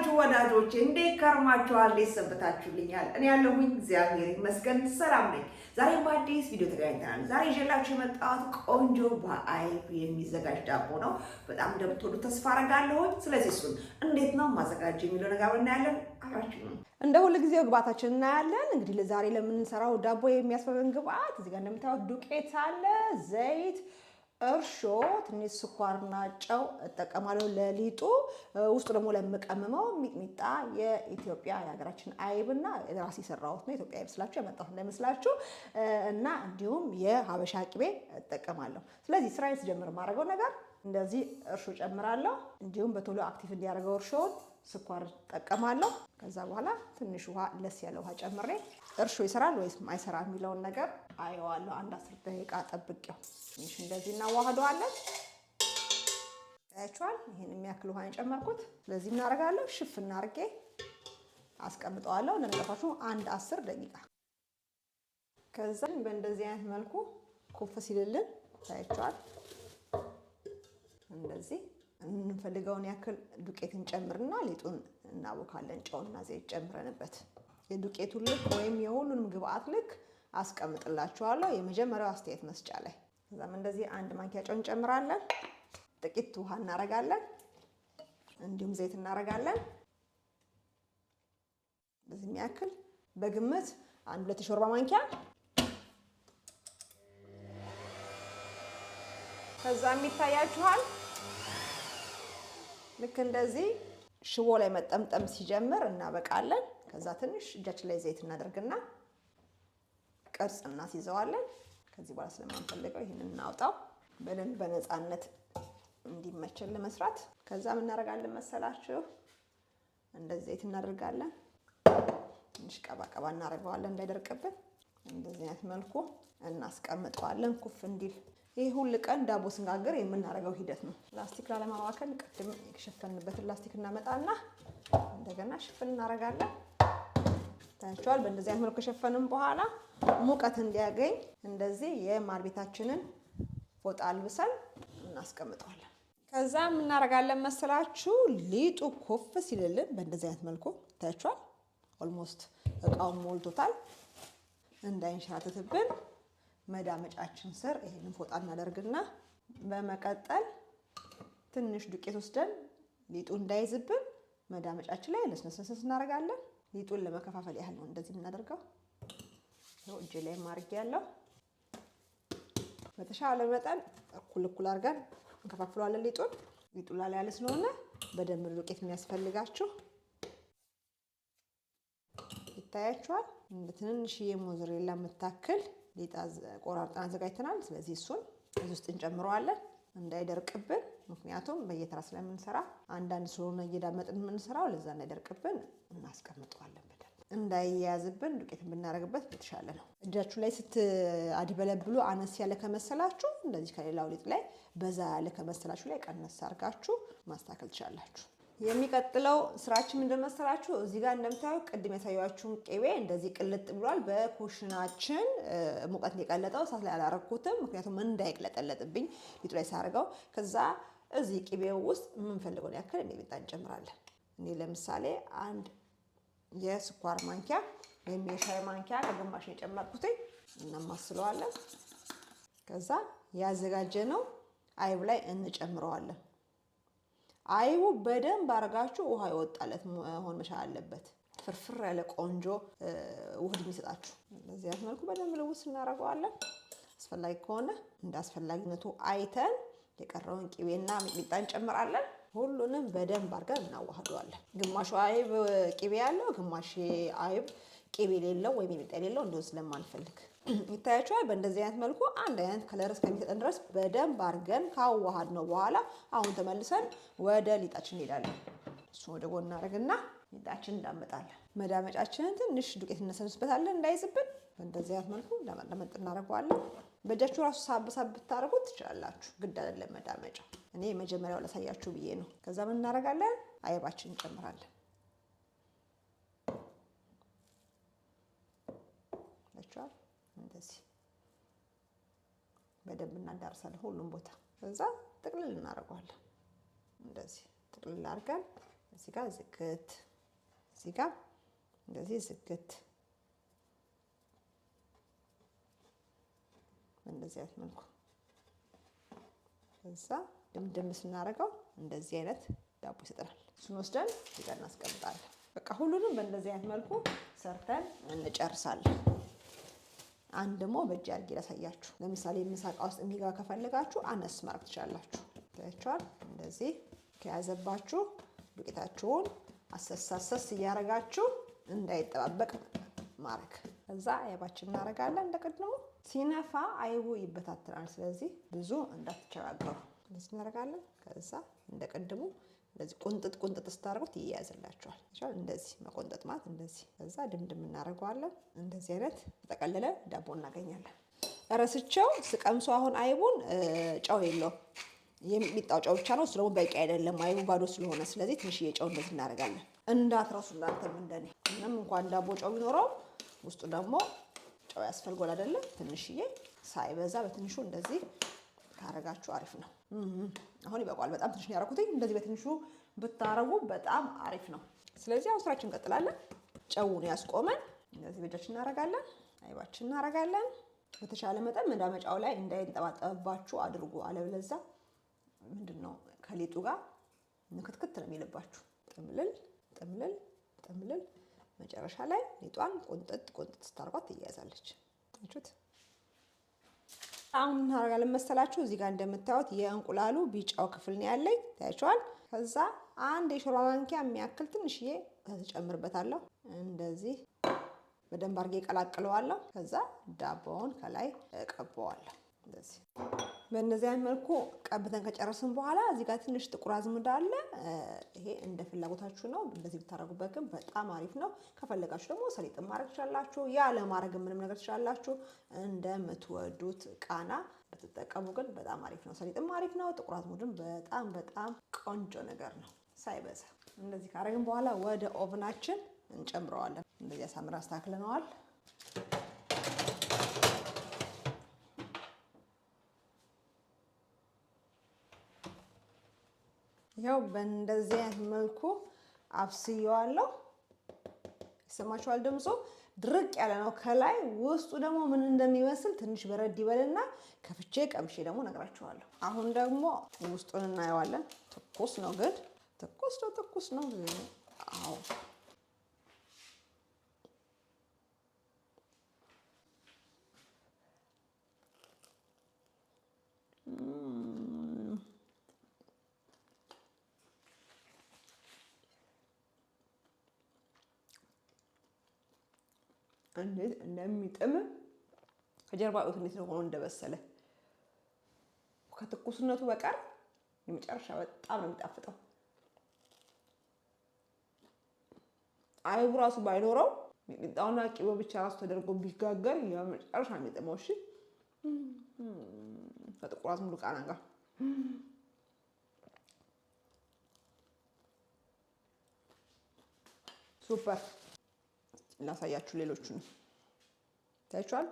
ናችሁ ወዳጆች? እንዴት ከርማችኋል? እንዴት ሰንብታችሁልኛል? እኔ ያለሁኝ እግዚአብሔር ይመስገን ሰላም ነኝ። ዛሬ በአዲስ ቪዲዮ ተገናኝተናል። ዛሬ ይዤላችሁ የመጣሁት ቆንጆ በአይብ የሚዘጋጅ ዳቦ ነው። በጣም እንደምትወዱ ተስፋ አደርጋለሁኝ። ስለዚህ እሱን እንዴት ነው ማዘጋጅ የሚለው ነገር እናያለን። አብራችሁ ነው እንደ ሁል ጊዜው ግብአታችን እናያለን። እንግዲህ ለዛሬ ለምንሰራው ዳቦ የሚያስፈልገን ግብአት እዚህ ጋር እንደምታዩት ዱቄት አለ፣ ዘይት እርሾ ትንሽ ስኳርና ጨው እጠቀማለሁ ለሊጡ። ውስጡ ደግሞ ለምቀምመው ሚጥሚጣ የኢትዮጵያ የሀገራችን አይብና ራሴ የሰራሁት ነው። ኢትዮጵያ አይብ ስላችሁ ያመጣሁት እንዳይመስላችሁ እና እንዲሁም የሀበሻ ቅቤ እጠቀማለሁ። ስለዚህ ስራ ስጀምር የማደርገው ነገር እንደዚህ እርሾ ጨምራለሁ። እንዲሁም በቶሎ አክቲቭ እንዲያደርገው እርሾውን ስኳር እጠቀማለሁ። ከዛ በኋላ ትንሽ ውሃ ለስ ያለ ውሃ ጨምሬ እርሾ ይሰራል ወይስ ማይሰራ የሚለውን ነገር አየዋለሁ። አንድ አስር ደቂቃ ጠብቄው ትንሽ እንደዚህ እናዋህደዋለን። ታያችኋል። ይህን የሚያክል ውሃ የጨመርኩት። ስለዚህ እናደርጋለሁ፣ ሽፍ እናርጌ አስቀምጠዋለሁ። ለነገፋችሁ አንድ አስር ደቂቃ ከዛ በእንደዚህ አይነት መልኩ ኩፍ ሲልልን ታያችኋል። እንደዚህ የምንፈልገውን ያክል ዱቄትን ጨምርና ሊጡን እናቦካለን። ጨውና ዘይት ጨምረንበት የዱቄቱን ልክ ወይም የሁሉንም ግብአት ልክ አስቀምጥላችኋለሁ የመጀመሪያው አስተያየት መስጫ ላይ። ከዛም እንደዚህ አንድ ማንኪያ ጨው እንጨምራለን። ጥቂት ውሃ እናረጋለን። እንዲሁም ዘይት እናረጋለን። በዚህ የሚያክል በግምት አንድ ሁለት የሾርባ ማንኪያ ከዛም ይታያችኋል ልክ እንደዚህ ሽቦ ላይ መጠምጠም ሲጀምር እናበቃለን። ከዛ ትንሽ እጃችን ላይ ዘይት እናደርግና ቅርጽ እናስይዘዋለን። ከዚህ በኋላ ስለማንፈልገው ይህንን እናውጣው። በደንብ በነፃነት እንዲመችል ለመስራት ከዛ እናደርጋለን መሰላችሁ? እንደዚህ ዘይት እናደርጋለን። ትንሽ ቀባቀባ እናደርገዋለን እንዳይደርቅብን። እንደዚህ አይነት መልኩ እናስቀምጠዋለን ኩፍ እንዲል። ይሄ ሁል ቀን ዳቦ ስንጋገር የምናደርገው ሂደት ነው። ላስቲክ ላለማባከል ቅድም የሸፈንበትን ላስቲክ እናመጣና እንደገና ሽፍን እናደርጋለን። ታያቸዋል። በእንደዚህ አይነት መልኩ ከሸፈንም በኋላ ሙቀት እንዲያገኝ እንደዚህ የማር ቤታችንን ፎጣ አልብሰን እናስቀምጠዋለን። ከዛ የምናደርጋለን መሰላችሁ ሊጡ ኮፍ ሲልልን በእንደዚህ አይነት መልኩ ታያቸዋል። ኦልሞስት እቃውን ሞልቶታል እንዳይንሸራተትብን መዳመጫችን ስር ይሄንን ፎጣ እናደርግና በመቀጠል ትንሽ ዱቄት ወስደን ሊጡ እንዳይዝብን መዳመጫችን ላይ ለስነስነስ እናደርጋለን። ሊጡን ለመከፋፈል ያህል ነው እንደዚህ የምናደርገው። ይኸው ላይ ማርጌ ያለው በተሻለ መጠን እኩል እኩል አድርገን እንከፋፍለዋለን። ሊጡን ሊጡ ላላ ያለ ስለሆነ በደንብ ዱቄት የሚያስፈልጋችሁ ይታያችኋል። እንደ ትንንሽዬ ሞዘሬላ የምታክል ሊጣ ቆራርጠን አዘጋጅተናል። ስለዚህ እሱን እዚህ ውስጥ እንጨምረዋለን እንዳይደርቅብን ምክንያቱም በየተራ ስለምንሰራ አንዳንድ ስለሆነ እየዳመጥን የምንሰራው ለዛ እንዳይደርቅብን እናስቀምጠዋለን። በደንብ እንዳይያያዝብን ዱቄት ብናደርግበት የተሻለ ነው። እጃችሁ ላይ አድበለብሎ አነስ ያለ ከመሰላችሁ እንደዚህ ከሌላው ሊጥ ላይ በዛ ያለ ከመሰላችሁ ላይ ቀነስ አድርጋችሁ ማስተካከል ትችላላችሁ። የሚቀጥለው ስራችን ምንድን መሰላችሁ? እዚህ ጋር እንደምታዩ ቅድም ያሳያችሁን ቅቤ እንደዚህ ቅልጥ ብሏል። በኩሽናችን ሙቀት የቀለጠው እሳት ላይ አላረኩትም፣ ምክንያቱም እንዳይቅለጠለጥብኝ ሊጡ ላይ ሳርገው። ከዛ እዚህ ቅቤው ውስጥ የምንፈልገውን ያክል ሚጥሚጣ እንጨምራለን። እኔ ለምሳሌ አንድ የስኳር ማንኪያ ወይም የሻይ ማንኪያ ከግማሽ የጨመርኩትኝ እናማስለዋለን። ከዛ ያዘጋጀ ነው አይብ ላይ እንጨምረዋለን። አይቡ በደንብ አድርጋችሁ ውሃ የወጣለት መሆን መቻል አለበት። ፍርፍር ያለ ቆንጆ ውህድ የሚሰጣችሁ እንደዚህ አይነት መልኩ በደንብ ልውስ እናደርገዋለን። አስፈላጊ ከሆነ እንደ አስፈላጊነቱ አይተን የቀረውን ቂቤና ሚጥሚጣ እንጨምራለን። ሁሉንም በደንብ አድርገን እናዋህደዋለን። ግማሹ አይብ ቂቤ ያለው ግማሽ አይብ ቄቤ የሌለው ወይም ሚጥሚጣ የሌለው እንደው ስለማንፈልግ ይታያቸዋል። በእንደዚህ አይነት መልኩ አንድ አይነት ከለር እስከሚሰጠን ድረስ በደንብ አድርገን ካዋሃድ ነው በኋላ አሁን ተመልሰን ወደ ሊጣችን እንሄዳለን። እሱ ወደ ጎን እናደርግና ሊጣችን እንዳመጣለን። መዳመጫችንን ትንሽ ዱቄት እነሰንስበታለን እንዳይዝብን። በእንደዚህ አይነት መልኩ ለመጥ እናደርገዋለን። በእጃችሁ ራሱ ሳብ ሳብ ብታደርጉት ትችላላችሁ። ግድ አይደለም መዳመጫ። እኔ መጀመሪያው ላሳያችሁ ብዬ ነው። ከዛ ምን እናደርጋለን? አይባችን እንጨምራለን ይታያቸዋል። እንደዚህ በደንብ እናዳርሳለን ሁሉም ቦታ። እዛ ጥቅልል እናደርገዋለን። እንደዚህ ጥቅልል አድርገን እዚህ ጋር ዝግት፣ እዚህ ጋር እንደዚህ ዝግት። እንደዚህ አይነት መልኩ እዛ ድምድም ስናደርገው እንደዚህ አይነት ዳቦ ይሰጠናል። እሱን ወስደን ይዘን እናስቀምጣለን። በቃ ሁሉንም በእንደዚህ አይነት መልኩ ሰርተን እንጨርሳለን። አንድ ደግሞ በእጅ አድርጌ ላሳያችሁ። ለምሳሌ ምሳቃ ውስጥ የሚገባ ከፈለጋችሁ አነስ ማድረግ ትችላላችሁ። ታያችኋል። እንደዚህ ከያዘባችሁ ዱቄታችሁን አሰሳሰስ አሰስ እያደረጋችሁ እንዳይጠባበቅ ማድረግ። ከዛ አይባችን እናደርጋለን። እንደቀድሞ ሲነፋ አይቡ ይበታትናል። ስለዚህ ብዙ እንዳትቸጋገሩ እንደዚህ እናደርጋለን። ከዛ እንደቀድሙ እንደዚህ ቁንጥጥ ቁንጥጥ ስታደርጉት ይያያዝላችኋል። እንደዚህ መቆንጠጥ ማለት እንደዚህ፣ ከዛ ድምድም እናደርገዋለን። እንደዚህ አይነት ተጠቀለለ ዳቦ እናገኛለን። ረስቸው ስቀምሶ አሁን አይቡን ጨው የለው የሚጣው ጨው ብቻ ነው። እሱ ደግሞ በቂ አይደለም፣ አይቡ ባዶ ስለሆነ። ስለዚህ ትንሽዬ ጨው እንደዚህ እናደርጋለን። እንዳትረሱ እናንተም እንደኔ። ምንም እንኳን ዳቦ ጨው ቢኖረው ውስጡ ደግሞ ጨው ያስፈልጎል አይደለም። ትንሽዬ ሳይበዛ በትንሹ እንደዚህ ካረጋችሁ አሪፍ ነው። አሁን ይበቋል። በጣም ትንሽ ያረኩትኝ። እንደዚህ በትንሹ ብታረጉ በጣም አሪፍ ነው። ስለዚህ አሁን ስራችን እንቀጥላለን። ጨውን ያስቆመን እንደዚህ በእጃችን እናረጋለን፣ አይባችን እናረጋለን። በተሻለ መጠን መዳመጫው ላይ እንዳይንጠባጠብባችሁ አድርጉ። አለብለዛ ምንድን ነው ከሌጡ ጋር ንክትክት ነው የሚልባችሁ። ጥምልል ጥምልል ጥምልል መጨረሻ ላይ ሊጧን ቆንጠጥ ቆንጠጥ ስታርጓት ትያያዛለች። አሁን እናደርጋለን መሰላችሁ እዚህ ጋር እንደምታዩት የእንቁላሉ ቢጫው ክፍል ነው ያለኝ ታያችኋል። ከዛ አንድ የሾርባ ማንኪያ የሚያክል ትንሽዬ ተጨምርበታለሁ። እንደዚህ በደንብ አድርጌ ቀላቅለዋለሁ። ከዛ ዳቦውን ከላይ እቀባዋለሁ። እንደዚህ በእነዚህ መልኩ ቀብተን ከጨረስን በኋላ እዚህ ጋር ትንሽ ጥቁር አዝሙድ አለ። ይሄ እንደ ፍላጎታችሁ ነው። እንደዚህ ብታደረጉበት ግን በጣም አሪፍ ነው። ከፈለጋችሁ ደግሞ ሰሊጥ ማድረግ ትችላላችሁ። ያ ለማድረግ ምንም ነገር ትችላላችሁ። እንደምትወዱት ቃና ብትጠቀሙ ግን በጣም አሪፍ ነው። ሰሊጥም አሪፍ ነው። ጥቁር አዝሙድም በጣም በጣም ቆንጆ ነገር ነው። ሳይበዛ እንደዚህ ካረግን በኋላ ወደ ኦቭናችን እንጨምረዋለን። እንደዚህ አሳምር አስተካክለነዋል። ያው በእንደዚህ አይነት መልኩ አብስየዋለሁ። ይሰማችኋል ድምፁ ድርቅ ያለ ነው። ከላይ ውስጡ ደግሞ ምን እንደሚመስል ትንሽ በረድ ይበልና ከፍቼ ቀምሼ ደግሞ ነግራችኋለሁ። አሁን ደግሞ ውስጡን እናየዋለን። ትኩስ ነው ግን ትኩስ ነው ትኩስ ነው። አዎ እንዴት እንደሚጥም ከጀርባ ት እንዴት ነው ሆኖ እንደበሰለ ከትኩስነቱ በቀር የመጨረሻ በጣም ነው የሚጣፍጠው። አይቡ ራሱ ባይኖረው ሚጥጣውና ቂቦ ብቻ ራሱ ተደርጎ ቢጋገር የመጨረሻ የሚጥመው። እሺ ከጥቁር አዝሙድ ቃና ጋር ሱፐር ላሳያችሁ ሌሎቹንም ታይቷል።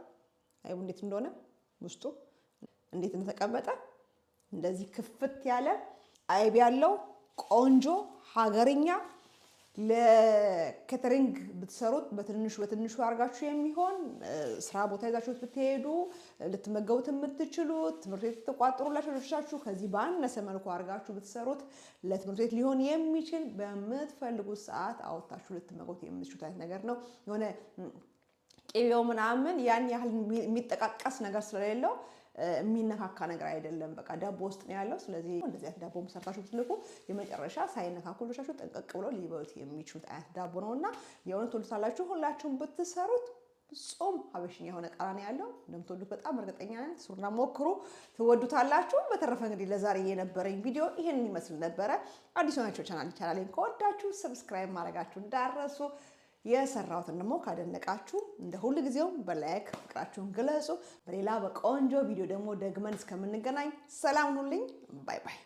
አይቡ እንዴት እንደሆነ ውስጡ እንዴት እንደተቀመጠ እንደዚህ ክፍት ያለ አይብ ያለው ቆንጆ ሀገርኛ ለኬተሪንግ ብትሰሩት በትንሹ በትንሹ አድርጋችሁ የሚሆን ስራ ቦታ ይዛችሁት ብትሄዱ ልትመገቡት የምትችሉት ትምህርት ቤት ተቋጥሮላችሁ ልጆቻችሁ ከዚህ ባነሰ መልኩ አድርጋችሁ ብትሰሩት ለትምህርት ቤት ሊሆን የሚችል በምትፈልጉት ሰዓት አወጣችሁ ልትመገቡት የምትችሉት አይነት ነገር ነው። የሆነ ቅቤው ምናምን ያን ያህል የሚጠቃቀስ ነገር ስለሌለው የሚነካካ ነገር አይደለም። በቃ ዳቦ ውስጥ ነው ያለው። ስለዚህ እንደዚህ አይነት ዳቦ ሰርታችሁ ብትልኩ የመጨረሻ ሳይነካኩ ልጆቻችሁ ጠንቀቅ ብለው ሊበሉት የሚችሉት አይነት ዳቦ ነው እና የእውነት ሁላችሁም ብትሰሩት ጾም ሀበሽኛ የሆነ ቃና ያለው እንደምትወዱት በጣም እርግጠኛ ሞክሩ፣ ትወዱታላችሁ። በተረፈ እንግዲህ ለዛሬ የነበረኝ ቪዲዮ ይህን ይመስል ነበረ። አዲስ ቻናል ቻናሌን ከወዳችሁ ሰብስክራይብ ማድረጋችሁ እንዳረሱ፣ የሰራሁትን ደግሞ ካደነቃችሁ እንደ ሁል ጊዜውም በላይክ ፍቅራችሁን ግለጹ። በሌላ በቆንጆ ቪዲዮ ደግሞ ደግመን እስከምንገናኝ ሰላም ሁኑልኝ። ባይ ባይ።